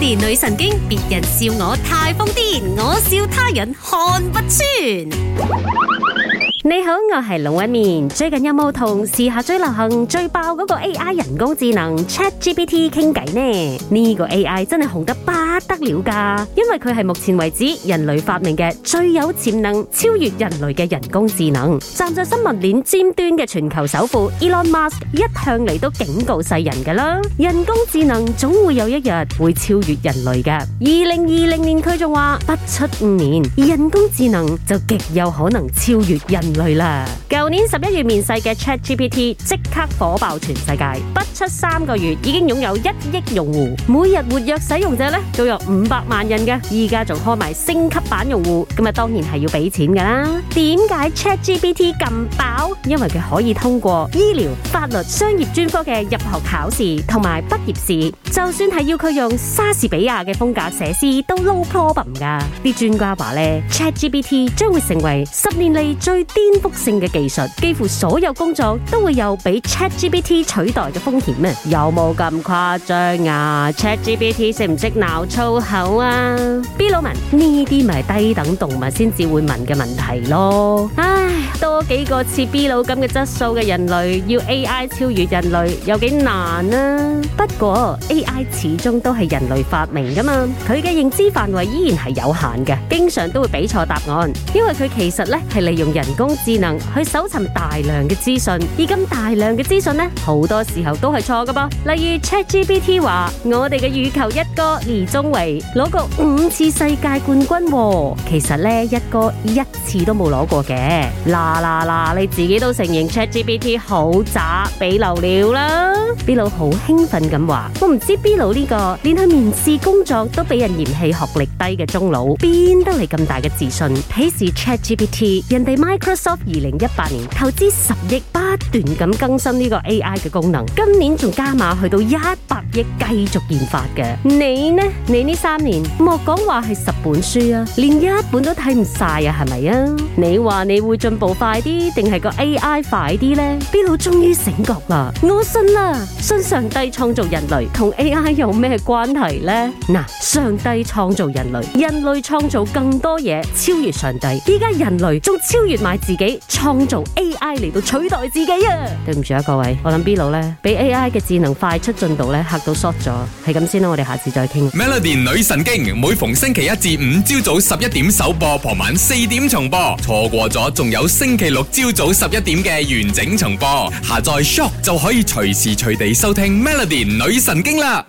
連女神經，別人笑我太瘋癲，我笑他人看不穿。你好，我係龍紋敏，最近有冇同時下最流行、最爆嗰個 A I 人工智能 Chat G P T 傾偈呢？呢個 A I 真係紅得爆。不得了噶，因為佢係目前為止人類發明嘅最有潛能，超越人類嘅人工智能。站在新聞鏈尖端嘅全球首富 Elon Musk 一向嚟都警告世人噶啦，人工智能總會有一日會超越人類嘅。二零二零年佢仲話不出五年，人工智能就極有可能超越人類啦。舊年十一月面世嘅 ChatGPT 即刻火爆全世界，不出三個月已經擁有一億用戶，每日活躍使用者呢，都有五百萬人嘅，依家仲開埋升級版用戶，咁啊當然係要俾錢噶啦。點解 ChatGPT 咁爆？因為佢可以通過醫療、法律、商業專科嘅入學考試同埋畢業試，就算係要佢用莎士比亞嘅風格寫詩都 low problem 噶。啲專家話咧，ChatGPT 將會成為十年嚟最顛覆性嘅技術，幾乎所有工作都會有俾 ChatGPT 取代嘅風險咩？有冇咁誇張啊？ChatGPT 識唔識鬧？Chat 粗口啊！B 佬文呢啲咪低等動物先至會問嘅問題咯。唉，多幾個似 B 佬咁嘅質素嘅人類，要 AI 超越人類有幾難啊？不過 AI 始終都係人類發明噶嘛，佢嘅認知範圍依然係有限嘅，經常都會俾錯答案，因為佢其實咧係利用人工智能去搜尋大量嘅資訊，而咁大量嘅資訊咧好多時候都係錯嘅噃。例如 ChatGPT 話我哋嘅月球一哥攞過五次世界冠軍，哦，其實咧一個一次都冇攞過嘅。嗱嗱嗱，你自己都承認 ChatGPT 好渣，俾漏料啦。B 佬好興奮咁話：我唔知 B 佬呢個連去面試工作都俾人嫌棄，學歷低嘅中佬邊得嚟咁大嘅自信？鄙視 ChatGPT，人哋 Microsoft 二零一八年投資十億，不斷咁更新呢個 AI 嘅功能，今年仲加碼去到一百億，繼續研發嘅。你呢？你呢三年莫講話係十本書啊，連一本都睇唔曬啊，係咪啊？你話你會進步快啲定係個 AI 快啲呢？B 佬終於醒覺啦，我信啦，信上帝創造人類，同 AI 有咩關係呢？嗱，上帝創造人類，人類創造更多嘢，超越上帝，依家，人類仲超越埋自己，創造 AI 嚟到，取代自己啊！對唔住啊各位，我諗 B 佬呢，俾 AI 嘅智能快速進度呢，嚇到 short 咗，係咁先啦，我哋下次再傾。《女神經》每逢星期一至五朝早十一點首播，傍晚四點重播。錯過咗，仲有星期六朝早十一點嘅完整重播。下載 s h o p 就可以隨時隨地收聽《Melody 女神經》啦。